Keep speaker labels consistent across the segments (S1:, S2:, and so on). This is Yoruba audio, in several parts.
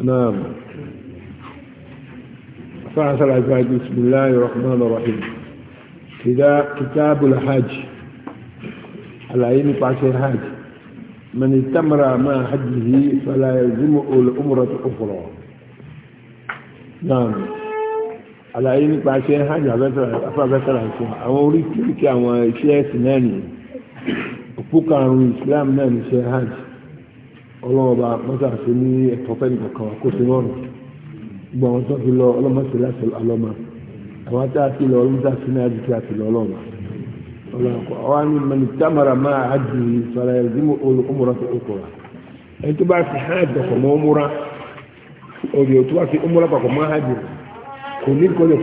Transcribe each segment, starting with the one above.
S1: نعم فعسل عباد بسم الله الرحمن الرحيم كتاب الحج العين نفعش الحج من استمر مع حجه فلا يلزمه الأمرة أخرى نعم àlàyé nípa ṣe ń hajj afẹ́fẹ́sára fún àwọn oríkèéríkèé àwọn iṣẹ́ ẹ̀sìn náà ni òpó karùn-ún Islam náà ní ṣe hajj ọlọ́mọba mọ́tà ṣe ní ẹ̀tọ́ fẹ́ nìkan kó sí lọ́rùn gbogbo àwọn tó fi lọ ọlọ́mọṣẹ́ láti alọ́mọ àwọn tá a ti lọ ọlọ́mọṣẹ́ àti ní àdìsí àti lọ ọlọ́mọ ọlọ́mọ mani tamara máa àjù sara ẹ̀ zimu olùkọ́mọra fi okòrò ẹni tó bá fi hàn dọ̀kọ̀ mọ́ múra òbí òtú wá fi múra papọ̀ mọ́ hajj kò ní kọ́lẹ̀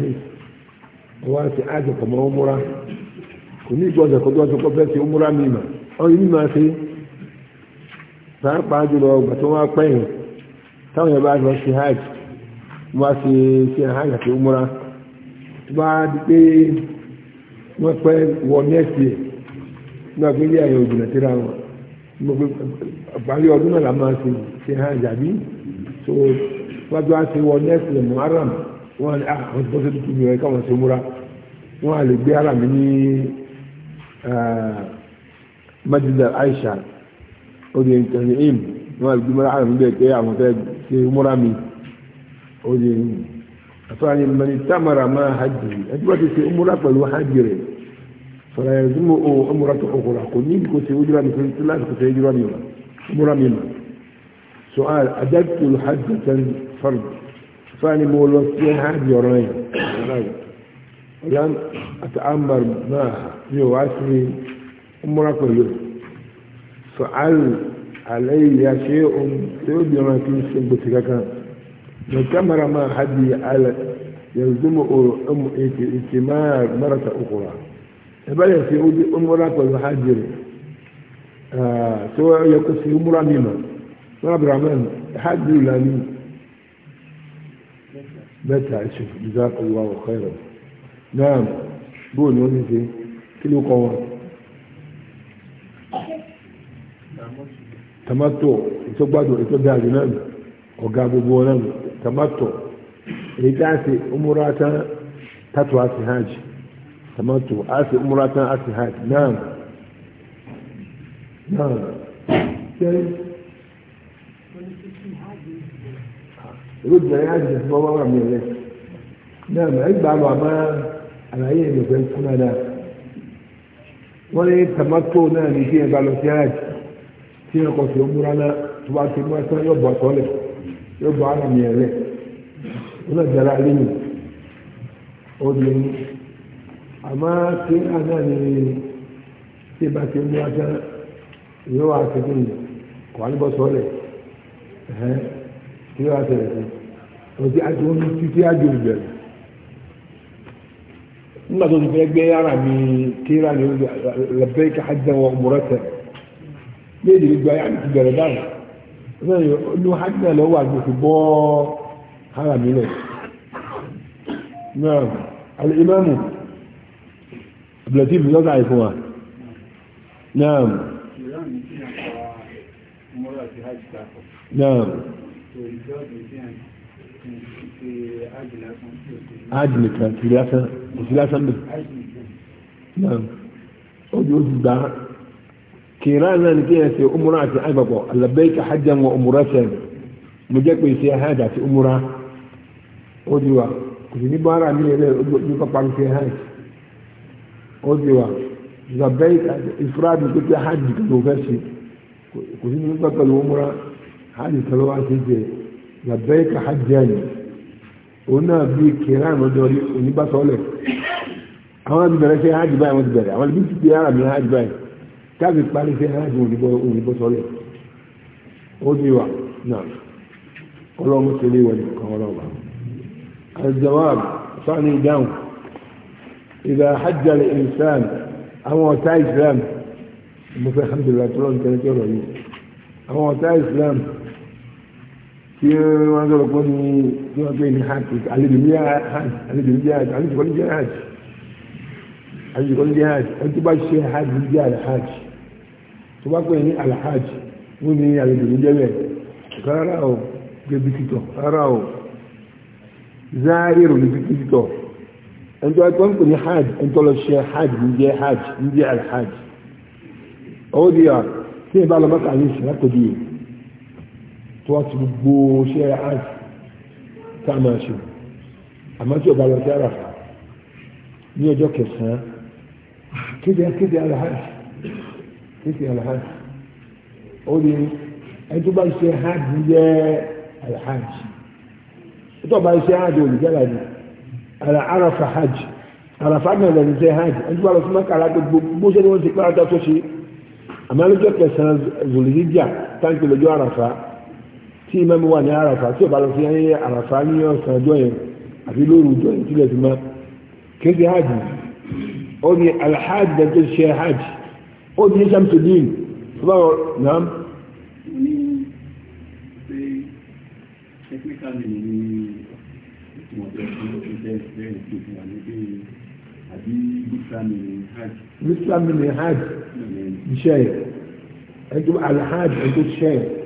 S1: fi wọ́n á ti ájọ pọ̀ mọ́ ọmúra kò ní ìgbọ́dọ̀ kó dọ́jọ́ kó fẹ́ẹ́ ti ọmúra mi ọyún mi ṣe pàápàá jùlọ ọgbà tó wá pẹ́yìn táwọn yẹn bá lọ sí hajj wọ́n á ṣe hajj àti ọmúra tó bá di pé wọ́n pẹ́ wọ ilé ayọ̀ àgbáyé ọdún náà máa ṣe ṣe hajj àbí so wọ wọ́n á àwọn tó ṣe tuntun yọ káwọn ṣe múra wọ́n á lè gbé ara mi ní madina aisha odi nkàní im wọ́n á lè gbé múra ara mi bẹ́ẹ̀ pé àwọn tẹ́ ṣe múra mi odi àfààní mani tamara máa hajj ẹtí wọ́n ti ṣe múra pẹ̀lú hajj rẹ̀ fara yẹn tí mo ò múra tó ọkùnrin kò ní kò ṣe ojúra mi kò láti kò ṣe ojúra mi múra mi ma so àjàkùn hajj tẹ́ fard. fani mo lọ sí hajj ọ̀rọ̀ yìí ọ̀làm àti amar náà ní o wá sí múra pẹ̀lú fa'al alayya shay'un tí ó bí wọn kí n ṣe gbèsè kankan ní kámara máa hajj alẹ yanzu mo o ọmọ ètè ètè máa mara ta okura ẹbá yẹ sí ó múra pẹ̀lú hajj rẹ̀ tó yẹ kó sí múra mímọ́ múra bìràmẹ́n hajj lánìí mẹ́ta ẹ̀sìn jazakallahu khairan náà bóò ni wọ́n ṣe kí ló kọ́ wọn. tamato ìtọ́gbádùn ìtọ́gbádùn náà ọ̀gá gbogbo wọn náà tamato èyí tí a ṣe umura tán tatu hajj tamato a ṣe umura tán hajj ìlú ìjọba yẹn àti ìfowópamọ́ wà mí rẹ̀ náà ẹgbàá lọ àmọ́ àlàyé ìlú fún náà ní tamato náà ní kí ẹ lọ sí hajj tí ẹ kọ sí omúra náà tó bá ti mú ẹsẹ̀ yóò bọ̀ sọ́lẹ̀ yóò bọ̀ àmì mi rẹ̀ náà ó di tí a náà ní tí ẹ bá ti mú yóò wá kò wá ní kí ló wá ṣẹlẹ̀ sí o ti àjò omi títí àjò ìbẹ̀rẹ̀ nígbà tó ti fẹ́ gbé ara mi kéra ni lẹ́bẹ́ ká hajj wọ ọmọrẹ tẹ̀ léèdè gbogbo ayé àti bẹ̀rẹ̀ báyìí lẹ́yìn olú hajj náà lọ́wọ́ àgbò fi bọ́ ara mi lẹ̀ náà alẹ́ imáàmù abdulatif lọ́sà àìfún wa náà ájì nìkan kì í lásán kò sí lásán bẹ̀. náà ojú oṣù gbà kìíràn náà ni kí ẹ ṣe umura àti àgbàpọ̀ alabayka hajjan wa umura sẹ́yìn mo jẹ́ pé ṣe hajj àti umura ó di wa kò sí ní bára mi lè ojú pápá ṣe hajj ó di wa labẹ́yìká ìfúrádìí pé hajj kò fẹ́ ṣe kò sí ní pápá pẹ̀lú umura hajj kan ló wá sí jẹ labbaika hajjan òun náà bí kìrán lọ́dọ̀ onígbàsọ́lẹ̀ àwọn ti bẹ̀rẹ̀ sí hajj báyìí wọ́n ti bẹ̀rẹ̀ àwọn ibi ti di ara mi hajj báyìí káàbì parí sí hajj onígbàsọ́lẹ̀ ó di wa náà ọlọ́mọ ti lé wọlé kan ọlọ́mọ. الجواب ثاني جاوب إذا حج الإنسان أو أتى إسلام mo fẹ́ alhamdulilayi tó lọ́nà tẹ́lẹ̀ tí ó rọ̀ yìí àwọn islam tí wọ́n sọ̀rọ̀ pé ní tí wọ́n pè ní hajj àlejò ní hajj àlejò ní hajj àlejò kọ́ni jẹ́ hajj àlejò kọ́ni jẹ́ hajj ẹni tó bá ṣe hajj ní jẹ́ alhajj tó bá pè ní alhajj wọ́n ní àlejò ní jẹ́bẹ̀ rárá o jẹ́ bíkítọ̀ rárá o záàrírò ní bíkítọ̀ ẹni tó wọ́n pè ní hajj ẹni lọ ṣe hajj ní jẹ́ hajj ní jẹ́ alhajj ọ̀hún tó wá ti gbogbo ṣe hajj tá a máa ṣe àmọ́ tí ọba lọ sí àràfà ní ọjọ́ kẹsàn-án kéde kéde alahaj kéde alahaj ó ní ẹni tó bá ṣe hajj jẹ́ alahaj tó ọba ṣe hajj olùjẹ́ra ni àràfà hajj àràfà náà lẹ́nu ṣe hajj ẹni tó bá lọ sí mọ́kàlá gbogbo ṣe ni wọ́n ti pẹ́ àtọ́ tó ṣe àmọ́ lọ́jọ́ kẹsàn-án zòlìdíjà táǹkì lọ́jọ́ àràfà. tí imam wà ní àràfà tí ọba lọ sí ayé àràfà ní ọ̀sán ọjọ́ yẹn àfi lóru ọjọ́ yẹn lè sí ma kéde hajj ó ní alhaj dẹ̀ tó ṣe hajj ó ní dín tó bá wọ nàám. technically ní ìtumọ̀tẹ́ fún ìṣẹ́ ìṣẹ́ ìṣẹ́ wà ní bí àbí bísàmì ní hajj. bísàmì ní hajj ṣe ẹ̀ ẹ̀ tó alhaj ẹ̀ tó ṣe ẹ̀.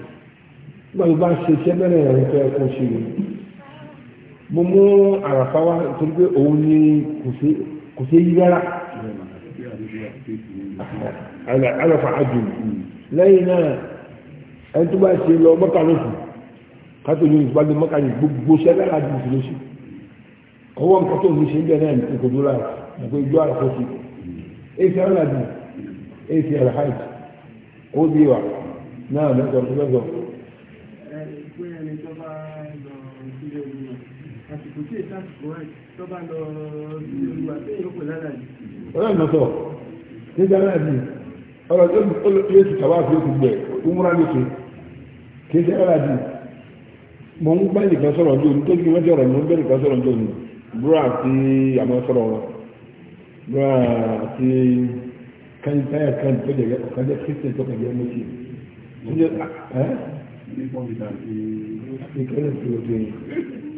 S1: nígbà tó bá ń ṣe iṣẹ́ bẹ́ẹ̀ náà ẹ̀rọ ẹ̀kọ́ ṣe rẹ̀ mo mú àràfá wá torí pé òun ni kò ṣe yí rárá àràfá àjùm lẹ́yìn náà ẹni tó bá ṣe lọ mọ́kà lóṣù kátó ní ìgbàgbé mọ́kà ní gbogbo ṣẹ́ lára àjùm sí lóṣù ọwọ́ nǹkan tó ní ṣe ń bẹ̀ náà ní kò dúró lára nípa ìjọ àràfá sí èsì àràfá èsì àràfá ó bí wa náà lọ́sọ̀ọ́sọ́ àsìkò tí èsì àsìkò wáyé tó bá lọ sí olúwa tó yẹ kó lára yìí. ọlọ́run náà sọ nígbà náà ni ọ̀rọ̀ tó yẹ ti tàwa àti oṣù gbẹ òmùra nìkan kì í ṣe ara di mo ń bá nìkan sọ̀rọ̀ ní òní tó ti wọ́n ti ọ̀rọ̀ mo ń bá nìkan sọ̀rọ̀ ní òní búrọ̀ àti àmọ́ wọn búrọ̀ àti kányíntáyà kan tó jẹ ọ̀kan kristian tó kàn jẹ mọ́tì ẹ̀ ẹ́ ìkọ́lẹ̀ tó lọ sí ẹ̀yìn.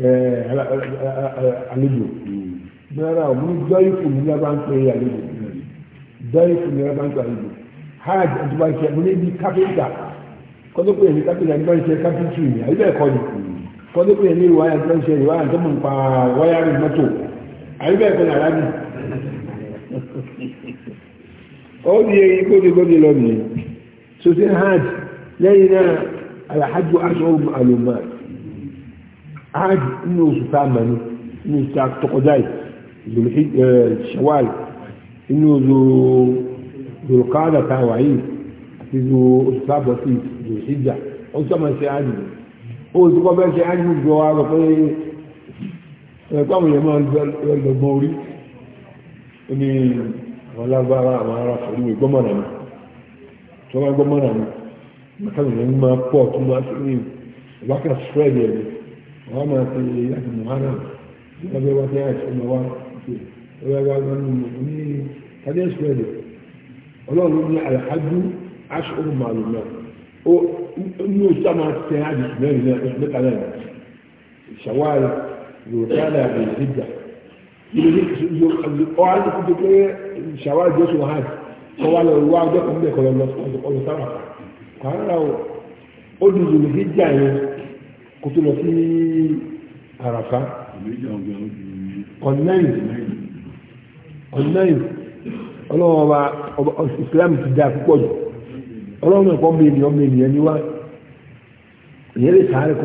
S1: àlejò náírà ò ní dọ́yì fún mi lábá ń pè é àlejò dọ́yì fún mi lábá ń pè àlejò hajj àti bá ń ṣe mo ní bí kápẹ́ńtà kọ́tọ́ pé èmi kápẹ́ńtà ní bá ń ṣe kápẹ́ńtì mi àyíbẹ̀ ẹ̀kọ́ ni kọ́tọ́ pé èmi ìwáyà tó ń ṣe ìwáyà tó mọ̀ nípa wáyàrì mọ́tò àyíbẹ̀ ẹ̀kọ́ ni àlábì ó ní eyín gbódegbóde lọ hajj lẹ́yìn náà alhajj aṣọ àlùmáà áàdì nínú oṣù tá a mọ̀ ní nínú oṣù tá a tọkọjá yìí ṣawal nínú oṣù zolokada tá a wà yìí àti oṣù tá a bọ̀ sí zolokida ó sọ́mọ ṣe áàdì ó ti kọ́ bẹ́ẹ̀ ṣe áàdì gbọ́ wa rọ pé ẹ̀kọ́ àwọn èèyàn máa ń lọ́gbọ́n orí ó ní àwọn alágbára àwọn ará sọ̀rọ̀ ìwé gbọ́mọ̀nà ni tí wọ́n bá gbọ́mọ̀nà ni màkàtà ìyẹn máa pọ̀ tó máa ṣe ní ìwákàtà spread yẹn ni wọ́n máa pe láti muhammad wọ́n bẹ wá sí àìsàn wa ṣe wọ́n wá wọn ní kájẹ́ ìṣúwẹ̀dẹ̀ ọlọ́run ní alhaji ashuru màlúù náà ó ní oṣù tá a máa tẹ àdìsí mẹ́rin náà oṣù mẹ́ta náà ṣàwárí yorùbá àbẹ̀ ìdíjà ọ̀hán ti fi pé ṣàwárí jọ́sù wàhán kọ́wá lọ wá ọjọ́ kan bẹ́ẹ̀ lọ lọ ọ̀sán wà kàrà ó dùn ìdíjà yẹn. kò tó lọ sí àràfá ọ̀nẹ́yìn ọ̀nẹ́yìn ọlọ́wọ́ islam ti dáa púpọ̀ jù ọlọ́wọ́ náà kọ́ ènìyàn ọmọ ènìyàn ni wá ìyẹn lè sàárẹ̀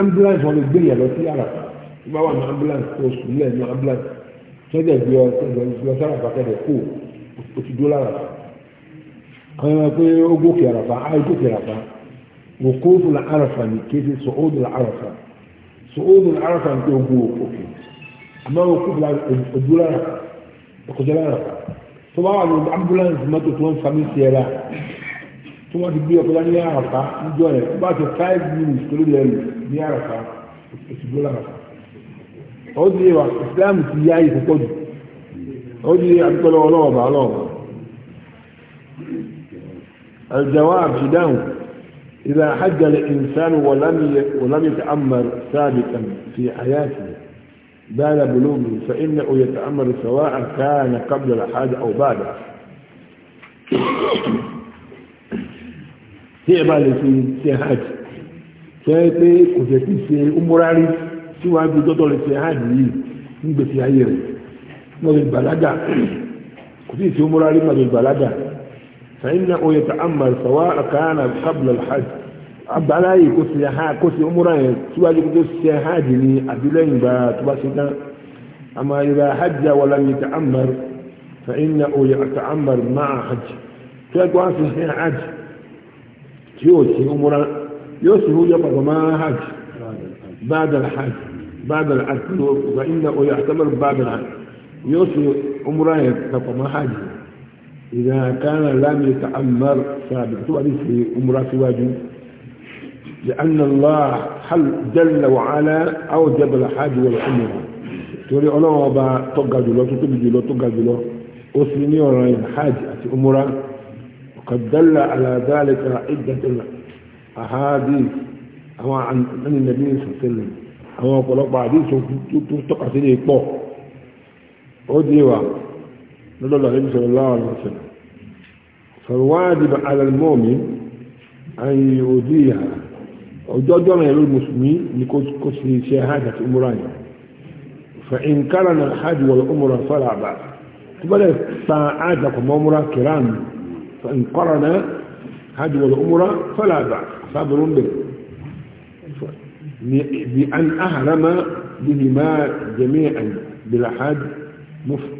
S1: ambulance wọn lè gbé yẹn lọ sí àràfá ìgbà wà ní ambulance tó sùn lẹ́yìn ní ambulance sọ́jà ọ sọ́jà o ti wòkóòtù la arafa ni kéde sòódù la arafa sòódù la arafa ni ogun òkè àmọ́ wòkóòtù la òdúrà òkòjọ́lá arafa tó bá wà ní ambulance mọ́tò tó ń sami sierra tó wọ́n ti gbé ọkọ̀já ní arafa níjọ́ rẹ̀ tó bá ti five minutes tó ló lè lò ní arafa òsìdúrà arafa ó di wa Islam ti yá yìí púpọ̀ jù ó di àdúgbò lọ́wọ́ lọ́wọ́ bá lọ́wọ́. الجواب في داون إذا حج الإنسان ولم ولم يتأمر سابقا في حياته بال بلوغه فإنه يتأمر سواء كان قبل الحاج أو بعده tí ẹ bá lè fi ṣe hajj tó yẹ pé kò jẹ́ kí ṣe umurari síwájú tọ́tọ́ lè ṣe hajj yìí nígbèsè ayé rẹ̀ wọ́n lè bàlágà kò sí ṣe umurari mà lè bàlágà فإنه يتأمل سواء كان قبل الحج عبد علي كسي ها كسي أمرين سواء كسي هاجني أبلين با تبسطا أما إذا حج ولم يتأمر فإنه يتأمر مع حج تلقوا أن سيحين حج يوسي أمرا يوسي هو يبقى ما حج بعد الحج بعد الحج فإنه يعتبر بعد الحج يوسي أمرين يبقى ما حج إذا كان لم يتأمر سابق تؤدي في أمره سواجه لأن الله حل جل وعلا أو جبل حاج والأمر تولي علماء وابا تقعد له تتبجي له تقعد أسلمي ورأي حاج أمره وقد دل على ذلك عدة أحاديث هو عن من النبي صلى الله عليه وسلم هو قلق بعديث تقع سليه طوح أدي لدى النبي صلى الله عليه وسلم فالواجب على المؤمن أن يؤذيها وجدنا يقول المسلمين لكسر شهادة أمران فإن كان الحج والأمر فلا بأس تبدأ ساعاتكم أمرا كرام فإن قرن الحج والأمر فلا بأس صبر به بأن أهرم بهما جميعا بلا حد مفتوح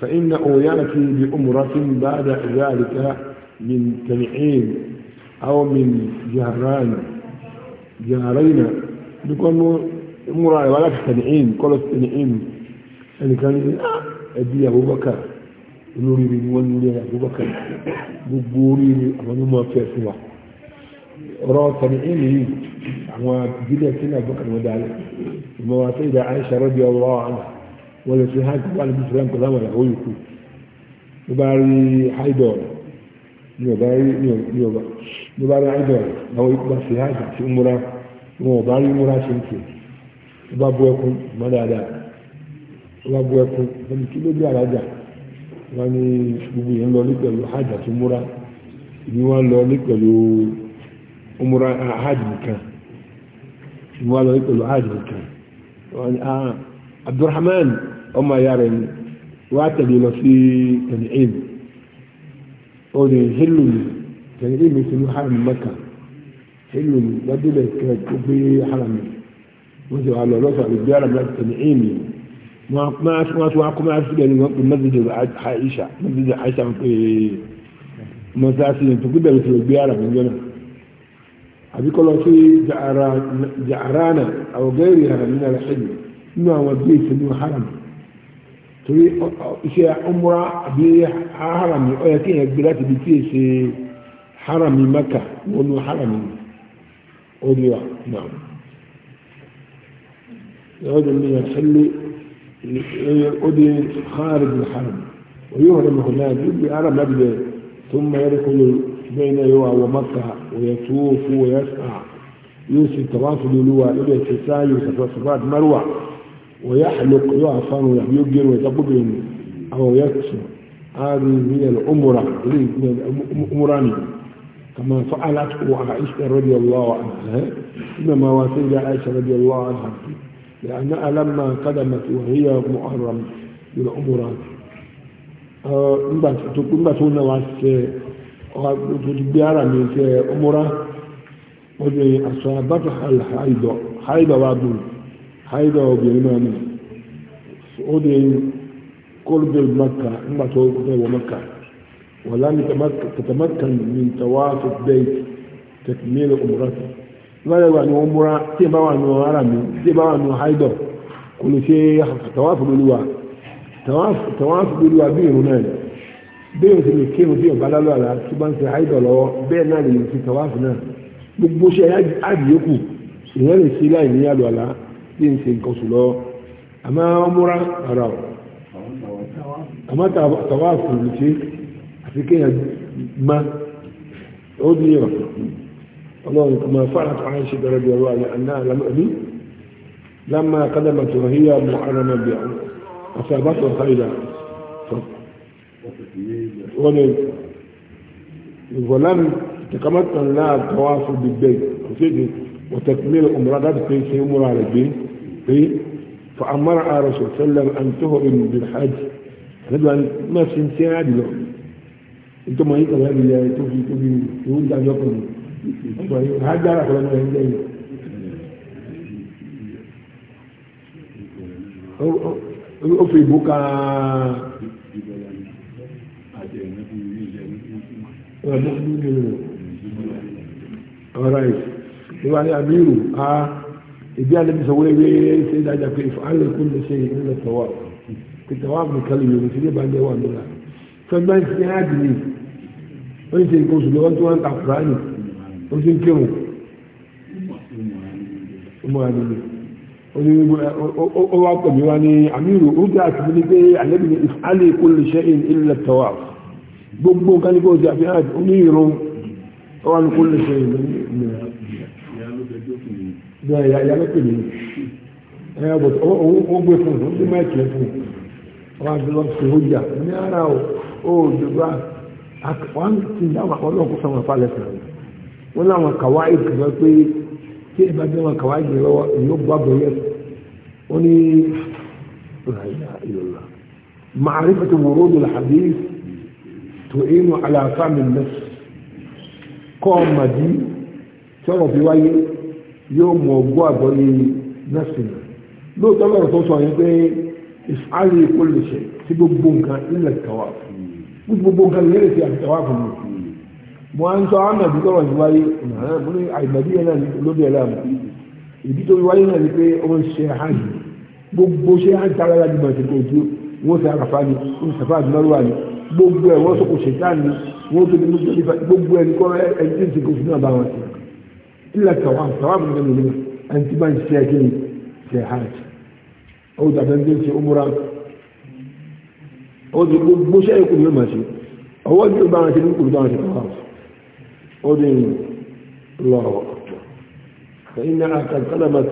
S1: فإنه يأتي بأمرة بعد ذلك من تنعيم أو من جهران جهرين بيكون أمرة ولا تنعيم كل تنعيم يعني كان أبي أبو بكر olórí ibi ni wọ́n ní ilé Abubakar gbogbo oríire àwọn onímọ̀ ọ̀fẹ́ fún wa ọ̀rọ̀ tẹ̀lé ìlú yìí àwọn ìdílé tí ní Abubakar wọ́n dálé ìmọ̀ wa sí ìdá Aisha radiyallahu anha wọ́n lè fi hajj wà níbi ìṣúra nǹkan láwọn ìyàwó yòókù ló bá rí haidọ̀ ní ọba rí ní ọba ló bá rí haidọ̀ láwọn ìgbà sí hajj àti múra wọn ò bá rí múra ṣe ń tè ló bá bú ẹkún gbogbo yẹn lọ ní pẹ̀lú hajj abdulrahman ọmọ ìyá rẹ̀ ni wọ́n á tẹ̀lé lọ sí tẹ̀lẹ́ẹ̀m ó lè hélò ní tẹ̀lẹ́ẹ̀m sínú haram mẹ́ka hélò ní lọ́dúnlẹ̀ kẹ́ tó gbé haram ní wọ́n sì wà lọ lọ́sọ̀ àgbẹ̀ haram láti tẹ̀lẹ́ẹ̀m máa tún wá kó máa fi lẹ́nu wọn pé mẹ́sìdì Aisha mẹ́sìdì Aisha ń pè é mọ́sáàsì yẹn tó bẹ̀rẹ̀ sí gbé haram níjọ́ náà àbíkọ́ lọ sí jàránà àwọ̀gẹ́rì haram ní alẹ́ nínú àwọn bí ìsinmi haram torí iṣẹ́ umra àbí haram ó yẹ kí èèyàn gbé láti ibi tí haram haram يعود من يصلي يعود خارج الحرم ويهرم هناك يبقى حرم أبدا ثم يدخل بين يوى ومكة ويطوف ويسعى يوسف تواصل لواء إلى التسالي يوسف مروى ويحلق يعفن يبجر ويتبجر أو يكسر هذه هي الأمرة أمراني كما فعلت عائشة رضي الله عنها إنما وسيلة عائشة رضي الله عنها لأنها لما قدمت وهي محرم بالأمرات nígbà tó náà wá ṣe ọgbẹ́ ara mi ṣe ọmọra ọdún àṣọ àbáfà àìdọ̀ wa bùrù haida obìnrin náà ni ó de kólbé maka ńgbà tó fẹ́ wọ maka wàlá ní tàtàmàkàn ní tàwáàtò bẹ́ẹ̀ tẹ̀kìmílẹ̀ òmùrátì láyé wà ní wọ́n múra tí ìbá wà ní ara mi tí ìbá wà ní haida kò lè ṣe tàwáàfù lóluwà tàwáàfù lóluwà bí irun náà ni bẹ́ẹ̀ ní sèmi kírun tí ìbá lálọ́ àlá tí bá ń ṣe haida lọ́wọ́ bẹ́ẹ̀ náà lè ṣe tàwáàfù náà gbogbo ṣe àdìyókù ìyẹn lè ṣe láì ní àlọ́ àlá tí ń ṣe nǹkan sùlọ àmọ́ ọmúra ara ọ̀ àmọ́ tàwa àfòrò ṣe àti kéèyàn má ó ní ọ̀ ọlọ́run kò máa fara tó àìṣe bẹ̀rẹ̀ bí ọ̀rọ̀ àlẹ́ àná àlámọ́bí lámà kádàmà tó híyà mọ́ ara mọ́ bí àwọn àti àbátọ̀ sáyidà wọ́n ni ìwọ̀lámi tẹkamọ́tàn náà tọwọ́ fún gbígbẹ́ òṣèlú wọ́tẹ̀kùnlé ọmọdé àti pé ṣe ń múra rẹ̀ gbé فأمر الرسول صلى الله عليه وسلم أن تهرم بالحج هذا ما في انتهى عادل انتم ما يقرأ هذه الله توفي توفي يقول دعم يقرأ هذا دعم ولا ما يهدين أوفي بوكا All right. أميره ni ìdí àlebi sọ wéwé ṣe é dájà pé ìfọ̀hánlẹ̀ kún lè ṣe ìlú tọ́wọ́ pé tọ́wọ́ nìkan lè yòrò sílé bá ń jẹ́ wà lóra fẹ́gbẹ́ ṣe é àdì ní wọ́n ṣe nǹkan oṣù lọ́wọ́ tí wọ́n ń ta kùránì ó ṣe ń kírun ọmọ àdìní ó wá pè mí wá ní àmírù ó gbé àtìmí ní pé àlebi ní ìfọ̀hánlẹ̀ kún lè ṣe ìlú tọ́wọ́ gbogbo nǹkan ní kó ṣe àfihàn ó ní ìrún ó wà ní kún lè ṣe ìlú bẹ́ẹ̀ ya ya lọ́pẹ̀ mi ẹ ẹ bọ̀tọ̀ ó gbé fún un ó gbé máìkì ẹ fún un wọn àti lọ sí ọjà ní ara o ó dùgbà wọn ti dá wà wọn lọ́kùn sọ̀rọ̀ falẹ̀ fún un wọn làwọn kàwá ìkàwé pé tí ẹ bá dé wọn kàwá ìgbè lọ́wọ́ yóò bá bọ̀ yẹ ó ní معرفة ورود الحديث تعين على فهم النفس قام دي yóò mọ ọgbọ́ àgbọ́ ní nọ́ọ̀sì náà lóòótọ́ lọ́rọ̀ tó sọ yẹn pé ìfàlì kò lè ṣe sí gbogbo nǹkan ilẹ̀ tàwa fún gbogbo nǹkan lè ṣe àti tàwa fún mi. mo á ń sọ àwọn àbí tọrọ yìí wáyé mo ní àìgbàdí yẹn náà lóde ẹ̀rọ àmọ́ ìdí tó wáyé náà ni pé ọmọ ṣe hàn gbogbo ṣe hàn tara yá dìbò àti kòjú wọn ṣe àràfà ni wọn ṣe àfà àdúrà ni gbogbo ẹ wọn sọkò ṣètàn ni wọn tó ní gbogbo ẹni kọ́ ẹni tí ń ṣe kò sí náà bá wọn ṣe. إلا الثواب ثواب من أنت ما في حاجة أو تعتمد في أمورك أو تقول مش أي كل ما شيء هو يقول كل يقول بعد خلاص أو دين الله أكبر فإنها قد قدمت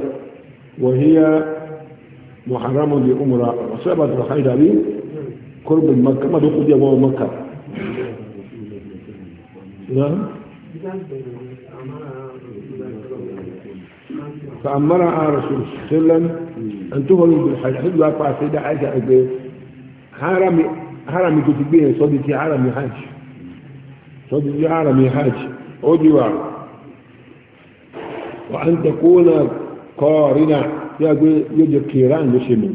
S1: وهي محرمة لأمرة وصابت الخير لي قرب مكة ما دخل يبوه مكة نعم فأمرها رسول الله صلى الله عليه وسلم أن تخرج بالحج حج وقع سيدة عائشة حرمي حرمي كتبين صديتي حرمي حاج صديتي حرمي حاج أجوى وأن تكون قارنة يجب كيران مسلم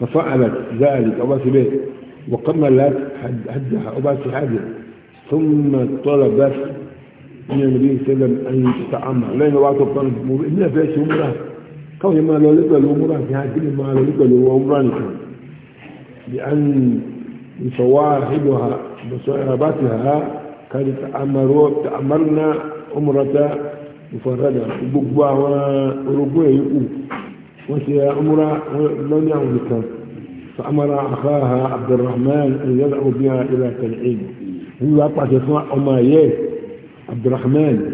S1: ففعلت ذلك أبا سبيل وقملت حد حدها أبا سحاجها ثم طلب من النبي صلى الله عليه وسلم أن يتعمى لأن وقت الطلب مو إلا فيش عمره كون ما لو لقى العمره في هذه ما لو لقى العمره لأن صواحبها بصاحباتها كانت تأمروا تأمرنا عمرة مفردة بقبا وربوه يقول وسي عمرة لم يعمل فأمر أخاها عبد الرحمن أن يدعو بها إلى تنعيم هو أطلق إخوة أمايات عبد الرحمن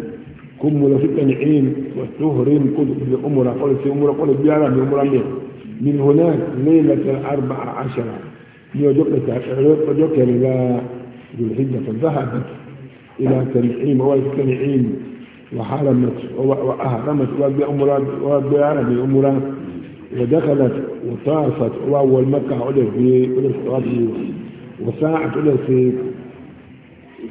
S1: كم ولا في التنعيم والسهرين كل أمورا قال في أمورا قال في أمورا قال من هناك ليلة الأربع عشرة يوجد لتعرف رجوك إلى ذو الحجة فذهب إلى تنعيم وإلى التنعيم وحرمت وأهرمت وابي أمورا وابي عربي أمورا ودخلت وطافت وأول مكة ولد في ولد في وساعت ولد في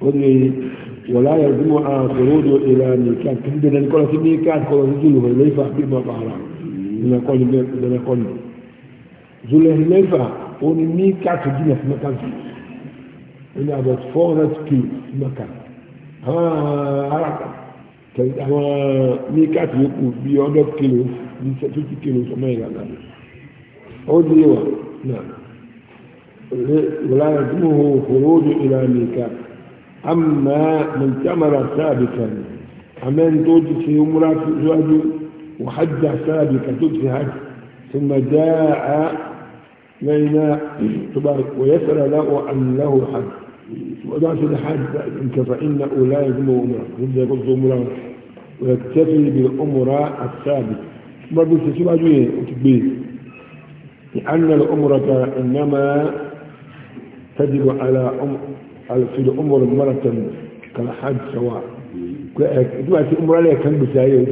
S1: wani wala ya zuma a tsorodo ila ne kan tun da nan kwalasi ne kan kwalasi zulu mai laifa bi ma bara na kwali da na kwali zulu laifa wani ni ka ta gina su maka su ina about 400 kilo maka ha àwọn míkàtí yóò kù bí ọdún kìlò bí sẹ́tútù kìlò sọmọ ìlànà ó dé wà náà wọ́n lára tí mo hòrò ó dé ìlànà ìkàtí أما من تمر سابقا أمان في مرات الزواج وحد سابقا تجسي ثم جاء لينا تبارك ويسر له أن له حج وذات الحج أنت فإنه لا يجمع أمرا يقول يقصد أمرا ويكتفي بالأمرة السابقة برضو تسيب أجوية وتكبير لأن الأمرة إنما تجب على أم على سيد عمر مرة كالحاج سواء دلوقتي عمر عليها كان بساية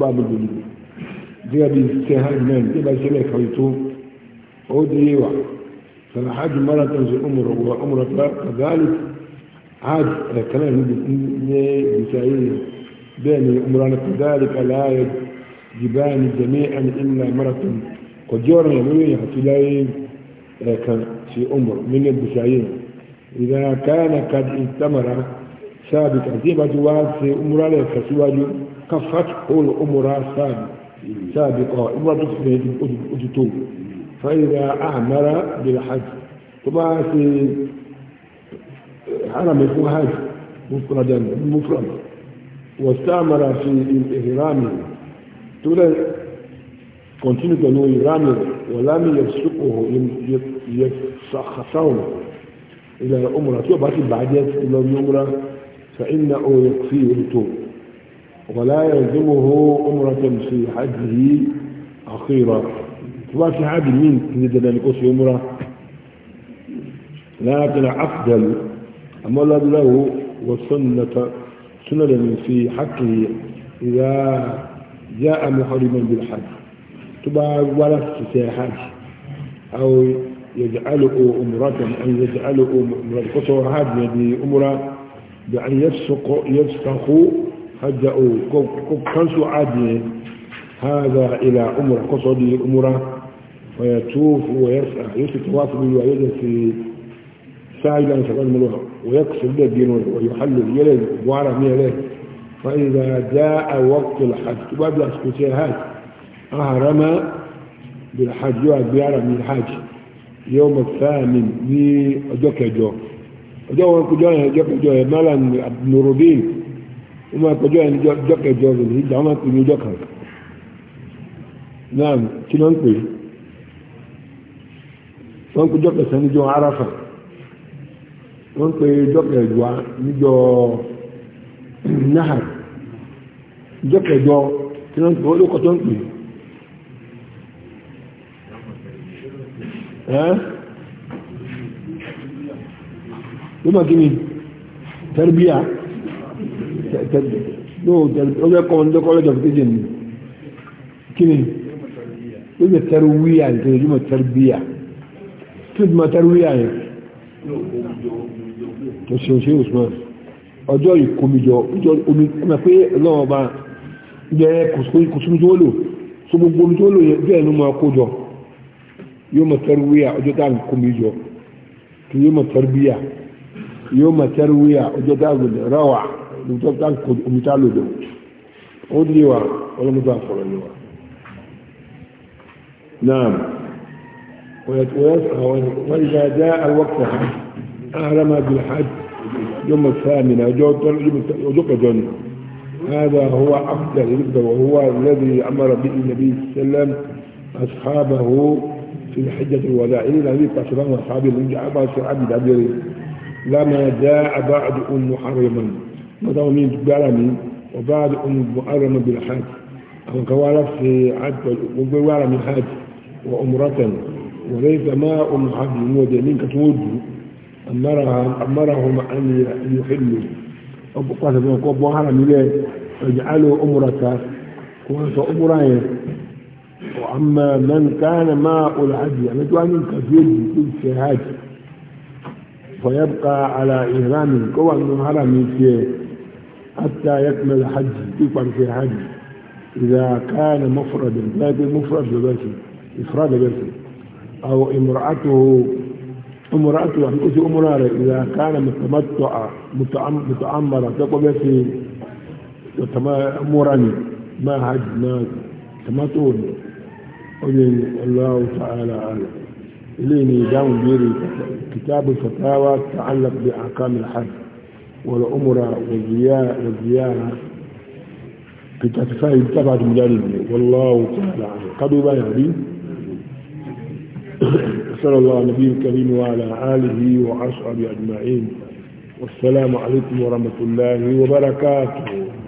S1: باب الجنوب دي بيستهل من نعم، دي بس لك ويتو ودي يوا فالحاج مرة تنزل عمر وعمر كذلك عاد كلام بسايا بين عمران كذلك لا يجبان جميعا إلا مرة قد جورنا يقولون يحتلين كان àti umar nínú ibùsùn ayé yẹn ìdára káyánà kàdí ìtàmàrà sáàbì àti ìbá ti wá ṣe umra lẹ̀ kàṣíwájú káfàt olù umra sáàbì sáàbì kọ umra tó ti fẹ́ ó ti tó fàyíra àmàrà bìrì hajj tó bá ṣe haramẹ̀ fún hajj mufradan mufrad واستعمر في إهرامه تقول continue pẹ̀lú ìrámì wọ̀lámi yẹ̀sùkòhò يتشخصون إلى أمرة بعد بعدين إلى أمرة فإنه يكفيه التوب ولا يلزمه أمرة في حجه أخيرا تبقى حاجة مين تزيد ذلك في أمرة لكن أفضل أمر له والسنة سنن في حقه إذا جاء محرما بالحج تبقى ولا في حاجة أو يجعله أمرة أن يجعله أمرة قصر هذا بأمرة بأن يفسق يفسق هجاوا كنسوا عادي هذا إلى أمرة قصر أمرة ويتوف ويسعى يتواصل ويجد في سائل ان سبحان الله ويكسر له الدين ويحلل يلد وعرف يلد فإذا جاء وقت الحج بعد هاي أهرم بالحج يعد بيعرف من الحاج yọmọ sáàmì ní ọjọ́ kẹjọ ọjọ́ wọn kọjọ́ yẹn ọjọ́ kẹjọ yẹn malam nurudin wọn máa kọjọ́ yẹn ọjọ́ kẹjọ rẹ̀ ìgbà wọn kò ní ọjọ́ kan náà kí ló ń pè wọn kọjọ́ kẹsàn níjọ arafa wọn pè ọjọ́ kẹjọ níjọ nahar ọjọ́ kẹjọ kí ló ń pè wọn ló kọjọ́ ń pè. lọ́mọ kí ni tẹ́rbíà ọjọ́ kọ́ ọjọ́ college of teaching ni kí ni ó jẹ́ tẹ́rwíà ní tẹ́rwíà jùmọ̀ tẹ́rbíà tí ó jùmọ̀ tẹ́rwíà yẹn tó ṣe òṣèré Usman ọjọ́ ìkómijọ ọjọ́ omi ọmọ pé lọ́wọ́ bá jẹ́ kòsómi tó lò so gbogbo omi tó lò yẹn bẹ́ẹ̀ ló máa kó jọ يوم التروية أجدان كوميجو يوم التربية يوم التروية أجدان روع أجدان كوميتالو دو أود ليوا ولا مدان فورا ليوا نعم ويتوسع وإذا جاء الوقت أهرم بالحج يوم الثامنة أجدان أجدان هذا هو أفضل وهو الذي أمر به النبي صلى الله عليه وسلم أصحابه في حجة الوداع إلى ذي أسلام وأصحابه لم جاء بعض شعب دبير لما جاء بعد أم محرما مدعو من بلمي وبعد أم محرما بالحاج أما كوالف في عد وقوال من حاج وأمرة وليس ما أم حاج يمود منك تود أمرهم, أمرهم أن يحلوا أبو أبقى سبحانه وتعالى فجعلوا أمرة كوانسوا أمرين وأما من كان ماء العدل يعني تواني كثير بكل شهاد فيبقى على إهرام القوى من هرم حتى يكمل حج يكون في حج إذا كان مفردا لكن مفرد بس إفراد بس أو امرأته امرأته يعني إذا كان متمتع متعمرة تقوى بس مرني ما حج ما تمتعوني ولين الله تعالى أعلم إليه داون بيري كتاب الفتاوى تتعلق بأحكام الحج والعمرة والزيارة بتتفاهم تبعة مجالبه والله تعالى أعلم قدوا بها يهدي صلى الله على نبي الكريم وعلى آله وعصر أجمعين والسلام عليكم ورحمة الله وبركاته